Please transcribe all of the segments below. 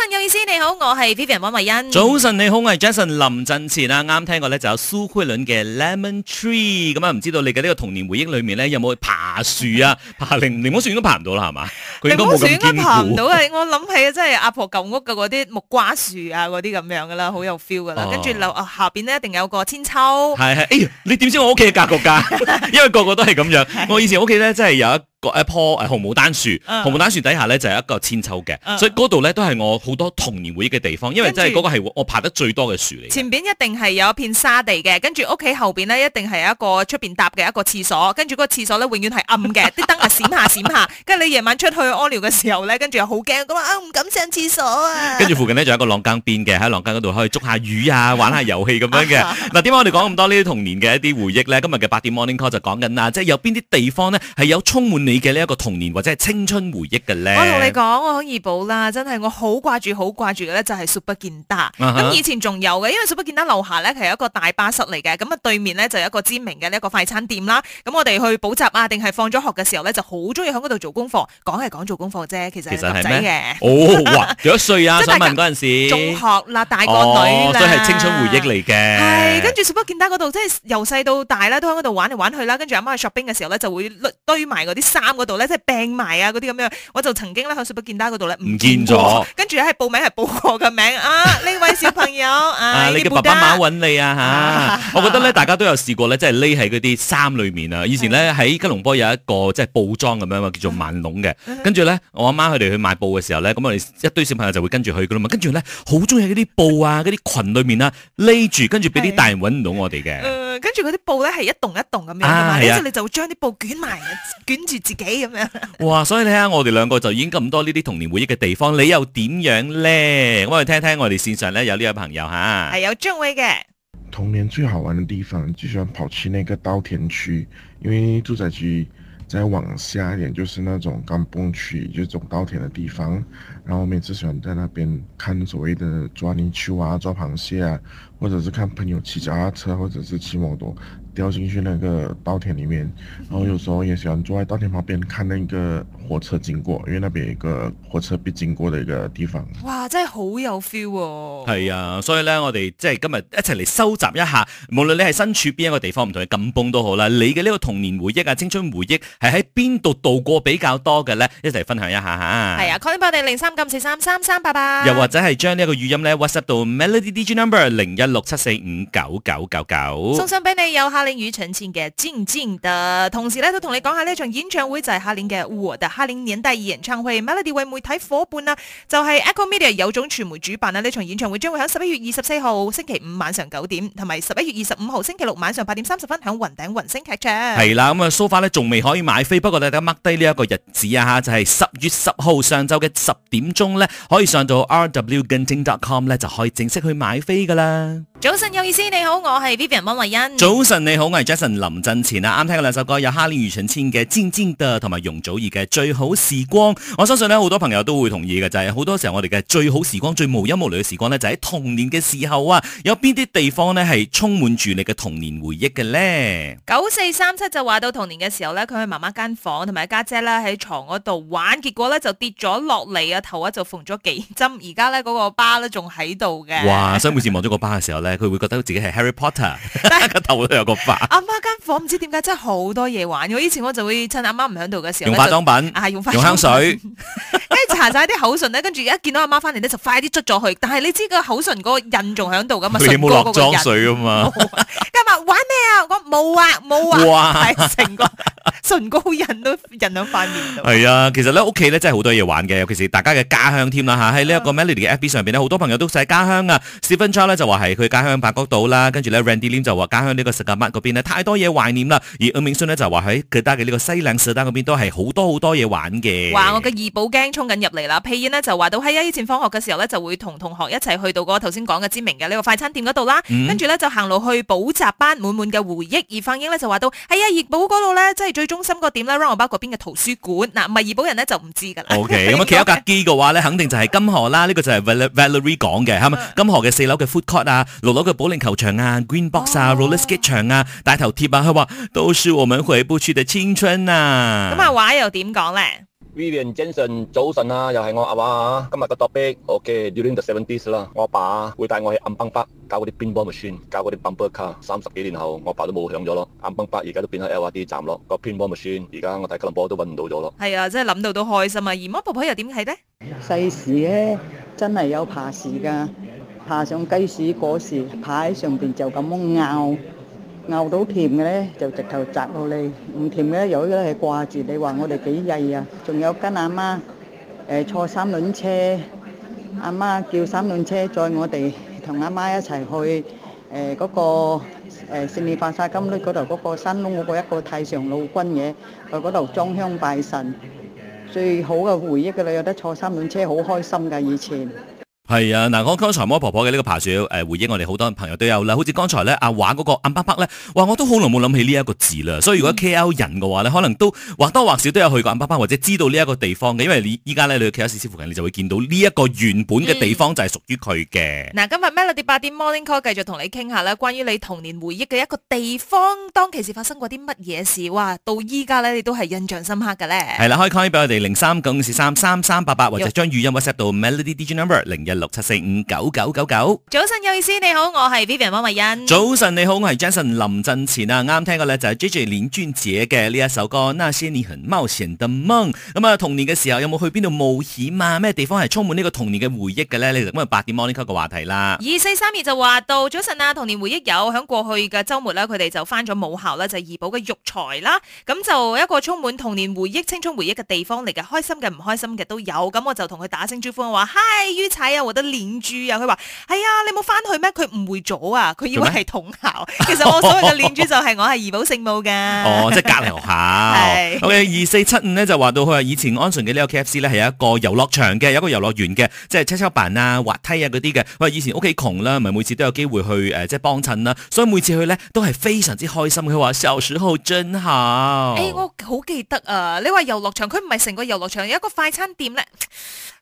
早晨，有意思，你好，我係 Vivian 黃慧欣。早晨，你好，我係 Jason 林振前啦。啱聽過咧，就有蘇慧倫嘅 Lemon Tree。咁啊，唔知道你嘅呢個童年回憶裏面咧，有冇去爬樹啊？爬檸檸檬樹都爬唔到啦，係嘛？檸檬樹都爬唔到嘅。我諗起啊，真係阿婆舊屋嘅嗰啲木瓜樹啊，嗰啲咁樣噶啦，好有 feel 噶啦。跟住落下邊咧，一定有個千秋。係係，哎呀，你點知我屋企嘅格局噶？因為個個都係咁樣。我以前屋企咧，真係有一。個一棵誒紅毛丹樹，紅毛丹樹底下咧就有、是、一個千秋嘅，所以嗰度咧都係我好多童年回憶嘅地方，因為真係嗰個係我爬得最多嘅樹嚟。前邊一定係有一片沙地嘅，跟住屋企後邊咧一定係有一個出邊搭嘅一個廁所，跟住個廁所咧永遠係暗嘅，啲燈啊閃下閃下，跟住你夜晚出去屙尿嘅時候咧，跟住又好驚咁啊唔敢上廁所啊。跟住附近咧就有一個浪間邊嘅，喺浪間嗰度可以捉下魚啊，玩下遊戲咁樣嘅。嗱，點解我哋講咁多呢啲童年嘅一啲回憶咧？今日嘅八點 Morning Call 就講緊啦，即係有邊啲地方咧係有充滿。你嘅呢一個童年或者係青春回憶嘅咧？我同你講，我可以補啦，真係我好掛住，好掛住嘅咧就係 Super Kinta。咁、huh. 以前仲有嘅，因為 Super Kinta 樓下咧係一個大巴剎嚟嘅，咁啊對面咧就有一個知名嘅呢一個快餐店啦。咁我哋去補習啊，定係放咗學嘅時候咧，就好鍾意喺嗰度做功課，講係講做功課啫，其實。其實係嘅。哦，幾多歲啊？ 的想問嗰陣時。中學啦，大個女啦。Oh, 所以係青春回憶嚟嘅。係，跟住 Super Kinta 嗰度，即係由細到大啦，都喺嗰度玩嚟玩去啦。跟住阿媽去 shopping 嘅時候咧，就會堆埋嗰啲衫嗰度咧，即係病埋啊，嗰啲咁樣，我就曾經咧喺雪碧健達嗰度咧，唔見咗。跟住咧係報名係報我嘅名啊，呢位小朋友，啊，你嘅爸爸媽媽揾你啊吓。我覺得咧，大家都有試過咧，即係匿喺嗰啲衫裏面啊。以前咧喺吉隆坡有一個即係布莊咁樣啊，叫做萬隆嘅。跟住咧，我阿媽佢哋去買布嘅時候咧，咁我哋一堆小朋友就會跟住去噶啦嘛。跟住咧，好中意喺嗰啲布啊、嗰啲裙裏面啊匿住，跟住俾啲大人揾唔到我哋嘅。跟住嗰啲布咧係一棟一棟咁樣嘅嘛，之、啊、後你就會將啲布捲埋，啊、捲住自己咁樣。哇！所以你睇下我哋兩個就已經咁多呢啲童年回憶嘅地方，你又點樣咧？我哋聽聽我哋線上咧有呢位朋友嚇，係有張偉嘅。童年最好玩嘅地方，就喜歡跑去那個稻田區，因為住宅區再往下一點就是那種耕種區，就是、種稻田嘅地方。然後我每次喜歡在那邊看所謂的抓泥鰍啊，抓螃蟹啊。或者是看朋友騎腳車，或者是騎摩托掉進去那個稻田裏面，然後有時候也喜歡坐在稻田旁邊看那個火車經過，因為那邊有一個火車必經過的一個地方。哇，真係好有 feel 哦！係啊，所以呢，我哋即係今日一齊嚟收集一下，無論你係身處邊一個地方，唔同你咁崩都好啦，你嘅呢個童年回憶啊，青春回憶係喺邊度度過比較多嘅呢？一齊分享一下吓。係啊 call 我哋零三九四三三三八八。又或者係將呢個語音呢 WhatsApp 到 Melody Digi Number 零一。六七四五九九九九送上俾你有哈，有《哈林庾澄慶嘅《尖尖。同時咧都同你講下呢場演唱會就係哈林嘅 What 哈林年代演唱會。Melody 為媒體夥伴啦、啊，就係、是、Echo Media 有種傳媒主辦啦、啊。呢場演唱會將會喺十一月二十四號星期五晚上九點，同埋十一月二十五號星期六晚上八點三十分喺雲頂雲星劇場係啦。咁啊，so far 仲未可以買飛，不過大家掹低呢一個日子啊，就係、是、十月十號上晝嘅十點鐘咧，可以上到 rwgenting dot com 咧，就可以正式去買飛噶啦。早晨有意思，你好，我係 Vivian 溫惠欣。早晨你好，我係 Jason。林振前啊，啱聽嘅兩首歌，有哈林庾澄慶嘅《尖尖的》同埋容祖兒嘅《最好時光》。我相信咧，好多朋友都會同意嘅，就係、是、好多時候我哋嘅最好時光、最無憂無慮嘅時光呢，就喺、是、童年嘅時候啊。有邊啲地方呢係充滿住你嘅童年回憶嘅呢？九四三七就話到童年嘅時候呢，佢去媽媽間房同埋家姐啦喺床嗰度玩，結果呢就跌咗落嚟啊，頭啊就縫咗幾針，而家呢嗰、那個疤呢仲喺度嘅。哇！所以每次望咗個疤 有咧，佢會覺得自己係 Harry Potter，個頭都有個發。阿媽間房唔知點解真係好多嘢玩。以前我就會趁阿媽唔喺度嘅時候，用化妝品，係用用香水，跟住搽曬啲口唇咧，跟住一見到阿媽翻嚟咧，就快啲捽咗佢。但係你知個口唇嗰個印仲喺度噶嘛？唇膏嗰個印。佢冇落妝水啊嘛？今日玩咩啊？我冇啊，冇啊，係成個唇膏印都印兩塊面。係啊，其實咧屋企咧真係好多嘢玩嘅，尤其是大家嘅家鄉添啦嚇。喺呢一個 Melody 嘅 FB 上邊咧，好多朋友都寫家鄉啊。Stephen Chow 咧就話係。佢家鄉白角島啦，跟住咧 Randy Lim 就話：家鄉呢個食客物嗰邊咧太多嘢懷念啦。而阿明信咧就話喺佢家嘅呢個西嶺市丹嗰邊都係好多好多嘢玩嘅。話我嘅二寶驚衝緊入嚟啦，Pien 咧就話到：喺啊以前放學嘅時候咧就會同同學一齊去到嗰個頭先講嘅知名嘅呢個快餐店嗰度啦。跟住咧就行路去補習班，滿滿嘅回憶。而範英咧就話到：喺啊二寶嗰度咧，即係最中心個點咧，Ranabak 嗰邊嘅圖書館嗱，唔係二寶人咧就唔知㗎啦。OK，咁啊企喺架機嘅話咧，肯定就係金河啦。呢個就係 Valerie 講嘅，係咪金河嘅四樓嘅 food court 啊？六樓嘅保齡球場啊，Green Box 啊，Roller、oh. Skate 場啊，大頭貼啊，佢話都是我們回不去的青春啊。咁阿華又點講咧？Vivian Johnson 早晨啊，又係我阿華啊。今日個 topic 我嘅 During the Seventies 啦，我爸會帶我去暗崩巴搞嗰啲乒乓咪算，搞嗰啲棒球卡。三十幾年後，我爸都冇響咗咯。暗崩巴而家都變咗 L R T 站咯。個乒乓咪算，而家我睇吉隆坡都揾唔到咗咯。係啊，真係諗到都開心啊。而 m 婆婆又點睇咧？細時咧真係有怕事噶。爬上雞屎果樹爬，爬喺上邊就咁樣拗，拗到甜嘅呢就直頭摘落嚟，唔甜嘅有一啲係掛住你話我哋幾曳啊！仲有跟阿媽誒、呃、坐三輪車，阿媽，媽叫三輪車載我哋同阿媽一齊去誒嗰、呃那個誒善、呃、利化煞金粟嗰度嗰個山窿嗰個一個太上老君嘢，去嗰度裝香拜神，最好嘅回憶㗎啦！有得坐三輪車好開心㗎以前。係啊，嗱，我剛才摸婆婆嘅呢個爬樹誒回憶，我哋好多朋友都有啦。好似剛才咧，阿華嗰個暗巴巴咧，哇，我都好耐冇諗起呢一個字啦。所以如果 KL 人嘅話咧，可能都或多或少都有去過暗巴巴，或者知道呢一個地方嘅。Mm, 因為你依家咧你去 KLCC 附近，你就會見到呢一個原本嘅地方就係屬於佢嘅。嗱、mm. 啊，今日 Melody 8點 Morning Call 繼續同你傾下啦，關於你童年回憶嘅一個地方，當其時發生過啲乜嘢事，哇，到依家咧你都係印象深刻嘅咧。係啦，可以 call 畀我哋零三九五四三三三八八，或者將語音 WhatsApp 到 Melody DJ Number 零一。六七四五九九九九，早晨有意思，你好，我係 Vivian 汪慧欣。早晨你好，我係 Jason 林振前啊！啱聽嘅咧就係、是、JJ 林俊傑嘅呢一首歌， 那些你很冒險的夢。咁啊，童年嘅時候有冇去邊度冒險啊？咩地方係充滿呢個童年嘅回憶嘅咧？你哋今日八點 morning call 嘅話題啦。二四三二就話到早晨啊，童年回憶有響過去嘅周末咧，佢哋就翻咗母校啦，就怡保嘅育才啦。咁就一個充滿童年回憶、青春回憶嘅地方嚟嘅，開心嘅、唔開心嘅都有。咁我就同佢打聲招呼話：嗨，于踩啊！覺得鏈珠啊，佢話係啊，你冇翻去咩？佢誤會咗啊，佢以為係同校，嗎其實我所謂嘅鏈珠就係我係怡保聖母噶。 哦，即、就、係、是、隔籬學校。係 是，OK，二四七五咧就話到佢話以前安順嘅呢個 K F C 咧係一個遊樂場嘅，有一個遊樂園嘅，即係蹺蹺板啊、滑梯啊嗰啲嘅。喂，以前屋企窮啦，咪每次都有機會去誒，即係幫襯啦，所以每次去咧都係非常之開心。佢話小時候真好。誒、哎，我好記得啊！你話遊樂場，佢唔係成個遊樂場，有一個快餐店咧。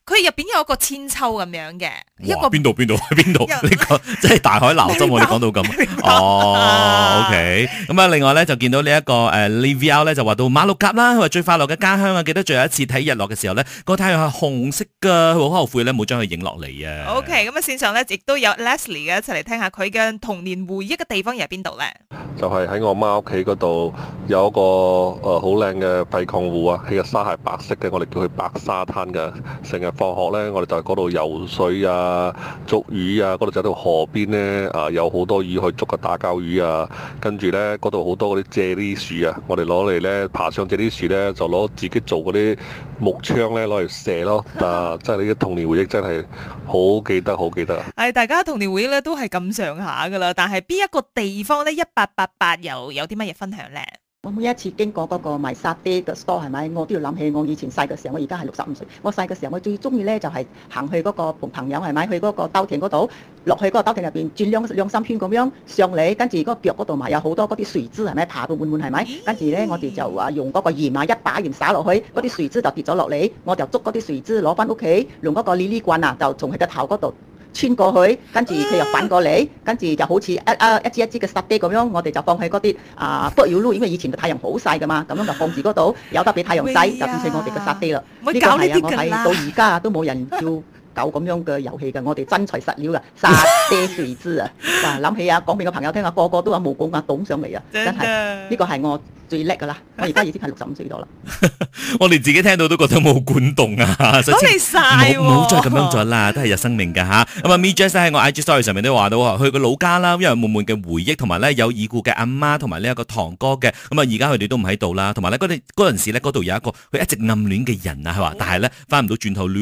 佢入邊有一個韆鞦咁樣嘅。一邊度邊度喺邊度？呢個即係大海撈針，我哋講到咁 哦。OK，咁、嗯、啊，另外咧就見到、這個 uh, 呢一個誒，Leviel 咧就話到馬六甲啦，佢話最快樂嘅家鄉啊。 記得最後一次睇日落嘅時候咧，個太陽係紅色嘅，好後悔咧冇將佢影落嚟啊。OK，咁、嗯、啊，線上咧亦都有 Leslie 嘅一齊嚟聽下佢嘅童年回憶嘅地方又係邊度咧？就係喺我媽屋企嗰度有一個誒好靚嘅廢礦湖啊，佢個沙係白色嘅，我哋叫佢白沙灘嘅。成日放學咧，我哋就喺嗰度游水啊。啊！捉魚啊！嗰度走到河邊咧，啊有好多魚去捉個打交魚啊！跟住咧，嗰度好多嗰啲蔗啲樹啊，我哋攞嚟咧爬上蔗啲樹咧，就攞自己做嗰啲木槍咧攞嚟射咯！啊，真係你啲童年回憶真係好記得，好記得。誒、哎，大家童年回憶咧都係咁上下噶啦，但係邊一個地方咧一八八八又有啲乜嘢分享咧？我每一次經過嗰個賣沙爹嘅 store 係咪？我都要諗起我以前細嘅時候。我而家係六十五歲。我細嘅時候，我最中意咧就係、是、行去嗰個朋友係咪去嗰個稻田嗰度落去嗰個稻田入邊轉兩,兩三圈咁樣上嚟，跟住嗰腳嗰度咪有好多嗰啲水蛭係咪爬到滿滿係咪？跟住咧我哋就用嗰個鹽啊，一把鹽撒落去，嗰啲水蛭就跌咗落嚟，我就捉嗰啲水蛭攞翻屋企，用嗰個呢呢棍啊，就從佢個頭嗰度。穿過去，跟住佢又反過嚟，跟住就好似、啊啊、一啊一支一支嘅沙爹咁樣，我哋就放喺嗰啲啊玻璃爐，因為以前嘅太陽好曬噶嘛，咁樣就放住嗰度，有得俾太陽曬呀就變成我哋嘅沙爹啦。呢個係啊，我睇到而家都冇人要搞咁樣嘅遊戲㗎， 我哋真材實料啦，沙爹隨之啊！ 啊，諗起啊，講俾個朋友聽啊，個個都話冇講啊，棟上嚟啊，真係呢個係我。最叻噶啦！我而家已經近六十五歲多啦。我連自己聽到都覺得冇管動啊！講你曬喎！唔好再咁樣做啦，都係有生命噶嚇。咁啊，Mejus 咧喺我 IG Story 上面都話到話，去個老家啦，因為悶悶嘅回憶同埋咧有已故嘅阿媽同埋呢一個堂哥嘅。咁啊，而家佢哋都唔喺度啦，同埋咧嗰啲嗰陣時咧嗰度有一個佢一直暗戀嘅人啊，係話，但係咧翻唔到轉頭咯。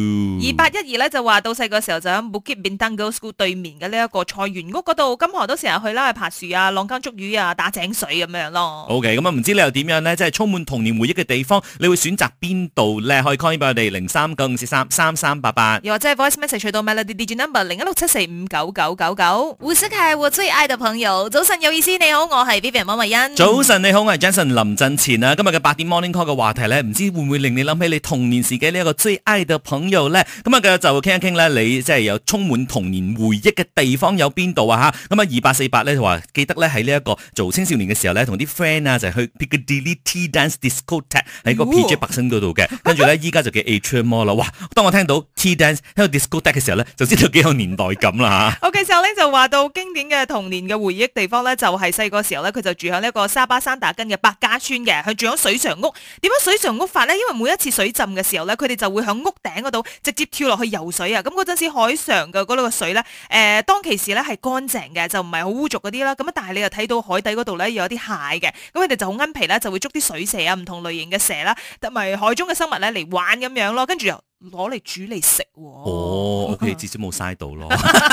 二八一二咧就話到細個時候就喺 Mookie Middle School 對面嘅呢一個菜園屋嗰度，金河都成日去啦，爬樹啊、晾竿捉魚啊、打井水咁樣咯。OK，咁啊唔知。又點樣呢？即係充滿童年回憶嘅地方，你會選擇邊度咧？可以 call in 我哋零三九五四三三三八八，又或者係 voice message 去到 melody digit number 零一六七四五九九九九。胡思琪和最愛嘅朋友，早晨有意思，你好，我係 Vivian 蒙慧欣。早晨，你好，我係 Jason 林振前啊！今日嘅八點 morning call 嘅話題呢，唔知會唔會令你諗起你童年時嘅呢一個最愛嘅朋友呢？咁啊，今日就會傾一傾呢，你即係有充滿童年回憶嘅地方有邊度啊？嚇！咁啊，二八四八咧話記得呢，喺呢一個做青少年嘅時候呢，同啲 friend 啊就係、去。個 delete T Dance Disco Tech 喺個 PJ 白身嗰度嘅，跟住咧依家就叫 Atrium Mall 啦。O, 哇！當我聽到 T Dance 喺度 Disco Tech 嘅時候咧，就知道幾有年代感啦嚇。OK，s o h 就話到經典嘅童年嘅回憶地方咧，就係細個時候咧，佢就住喺呢個沙巴山打根嘅百家村嘅，佢住喺水上屋。點解水上屋法咧？因為每一次水浸嘅時候咧，佢哋就會喺屋頂嗰度直接跳落去游水啊！咁嗰陣時海上嘅嗰度嘅水咧，誒、呃、當其時咧係乾淨嘅，就唔係好污濁嗰啲啦。咁但係你又睇到海底嗰度咧有啲蟹嘅，咁佢哋就好啱。皮咧就會捉啲水蛇啊，唔同類型嘅蛇啦，同埋海中嘅生物咧嚟玩咁樣咯，跟住又。 攞嚟煮嚟食喎。哦、oh,，OK，、uh huh. 至少冇嘥到咯。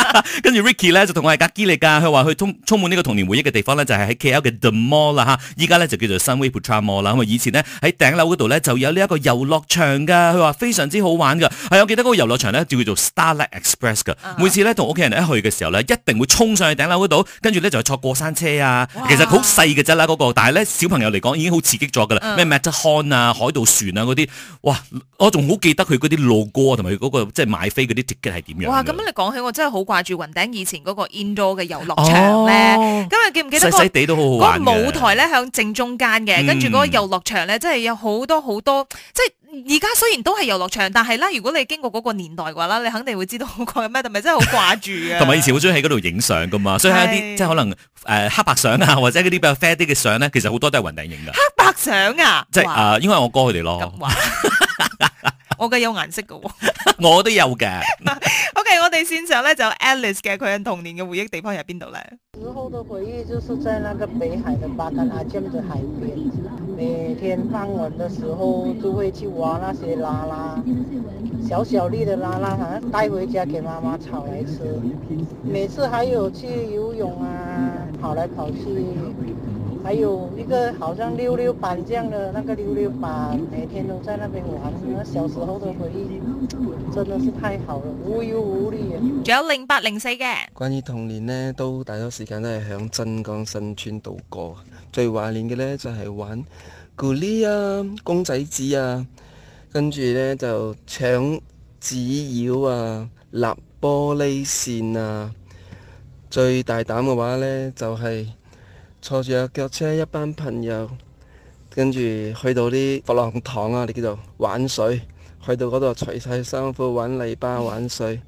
跟住 Ricky 咧就同我係隔機嚟噶，佢話佢充充滿呢個童年回憶嘅地方咧，就係、是、喺 K L 嘅 The Mall 啦、啊、吓。依家咧就叫做 Sunway Putra Mall 啦。咁啊，以前呢，喺頂樓嗰度咧就有呢一個遊樂場噶。佢話非常之好玩噶。係、啊，我記得嗰個遊樂場咧就叫做 Starlight Express 噶。每次咧同屋企人一去嘅時候咧，一定會衝上去頂樓嗰度，跟住咧就坐過山車啊。哇其實好細嘅啫啦，嗰、那個。但係咧小朋友嚟講已經好刺激咗噶啦，咩、uh. Matterhorn 啊、海盜船啊嗰啲。哇，我仲好記得佢嗰啲。啲路哥同埋嗰個即係買飛嗰啲 ticket 係點樣？哇！咁樣你講起，我真係好掛住雲頂以前嗰個 indoor 嘅遊樂場咧。咁啊、哦，你記唔記得嗰、那個、個舞台咧？響正中間嘅，跟住嗰個遊樂場咧，真係有好多好多。即係而家雖然都係遊樂場，但係咧，如果你經過嗰個年代嘅話咧，你肯定會知道好掛咩。但咪真係好掛住啊！同埋 以前好中意喺嗰度影相噶嘛，是所以喺啲即係可能誒、呃、黑白相啊，或者嗰啲比較啡啲嘅相咧，其實好多都係雲頂影噶。黑白相啊！即係啊，因為、就是呃、我哥佢哋咯。哇 我梗係有顏色嘅、哦， 我都有嘅、 okay。O K，我哋線上咧就 Alice 嘅，佢嘅童年嘅回憶地方喺邊度咧？時候嘅回憶就是在那個北海嘅巴丹阿嬌嘅海邊，每天傍晚嘅時候都會去挖那些拉拉，小小粒嘅拉拉啊，帶回家給媽媽炒嚟吃。每次還有去游泳啊，跑來跑去。還有呢個好像溜溜板這樣的那個溜溜板，每天都在那邊玩，小時候的回憶真的是太好了。無憂無慮啊。仲有零八零四嘅。關於童年呢，都大多時間都係響真江新村度過。最懷念嘅呢，就係、是、玩咕哩啊公仔紙啊，跟住呢，就搶紙鷂啊，立玻璃線啊，最大膽嘅話呢，就係、是。坐住啊腳車，一班朋友跟住，去到啲佛朗堂啊，你叫做玩水，去到嗰度除晒衫褲，玩泥巴，玩水，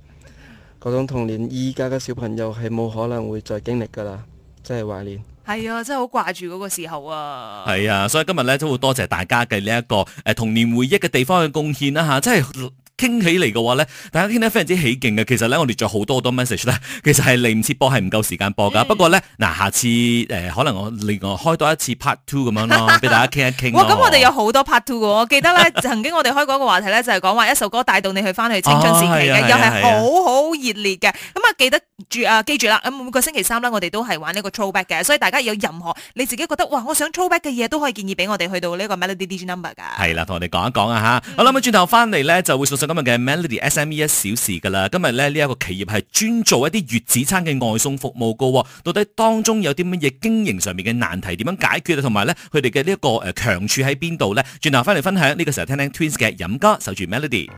嗰 種童年，依家嘅小朋友係冇可能會再經歷噶啦，真係懷念。係啊，真係好掛住嗰個時候啊。係啊，所以今日呢，都好多謝大家嘅呢一個誒、呃、童年回憶嘅地方嘅貢獻啦吓，真係。傾起嚟嘅話咧，大家傾得非常之起勁嘅。其實咧，我哋仲有好多好多 message 咧，其實係嚟唔切播，係唔夠時間播噶。嗯、不過咧，嗱，下次誒、呃，可能我另外開多一次 part two 咁樣咯，俾 大家傾一傾。咁、哦、我哋有好多 part two 嘅，我記得咧， 曾經我哋開過一個話題咧，就係講話一首歌帶到你去翻去青春時期嘅，又係好好熱烈嘅。咁啊，記得住啊，記住啦！咁、啊啊、每個星期三咧，我哋都係玩呢個 throwback 嘅，所以大家有任何你自己覺得哇，我想 throwback 嘅嘢，都可以建議俾我哋去到呢個 Melody number 噶。係啦、嗯，同我哋講一講啊吓，好啦，咁轉頭翻嚟咧，就會。今日嘅 Melody SME 一小時噶啦，今日咧，呢一個企業係專做一啲月子餐嘅外送服務㗎，到底當中有啲乜嘢經營上面嘅難題點樣解決？同埋咧，佢哋嘅呢一個誒強處喺邊度咧？轉頭翻嚟分享。呢個時候聽聽 Twins 嘅飲歌，守住 Melody。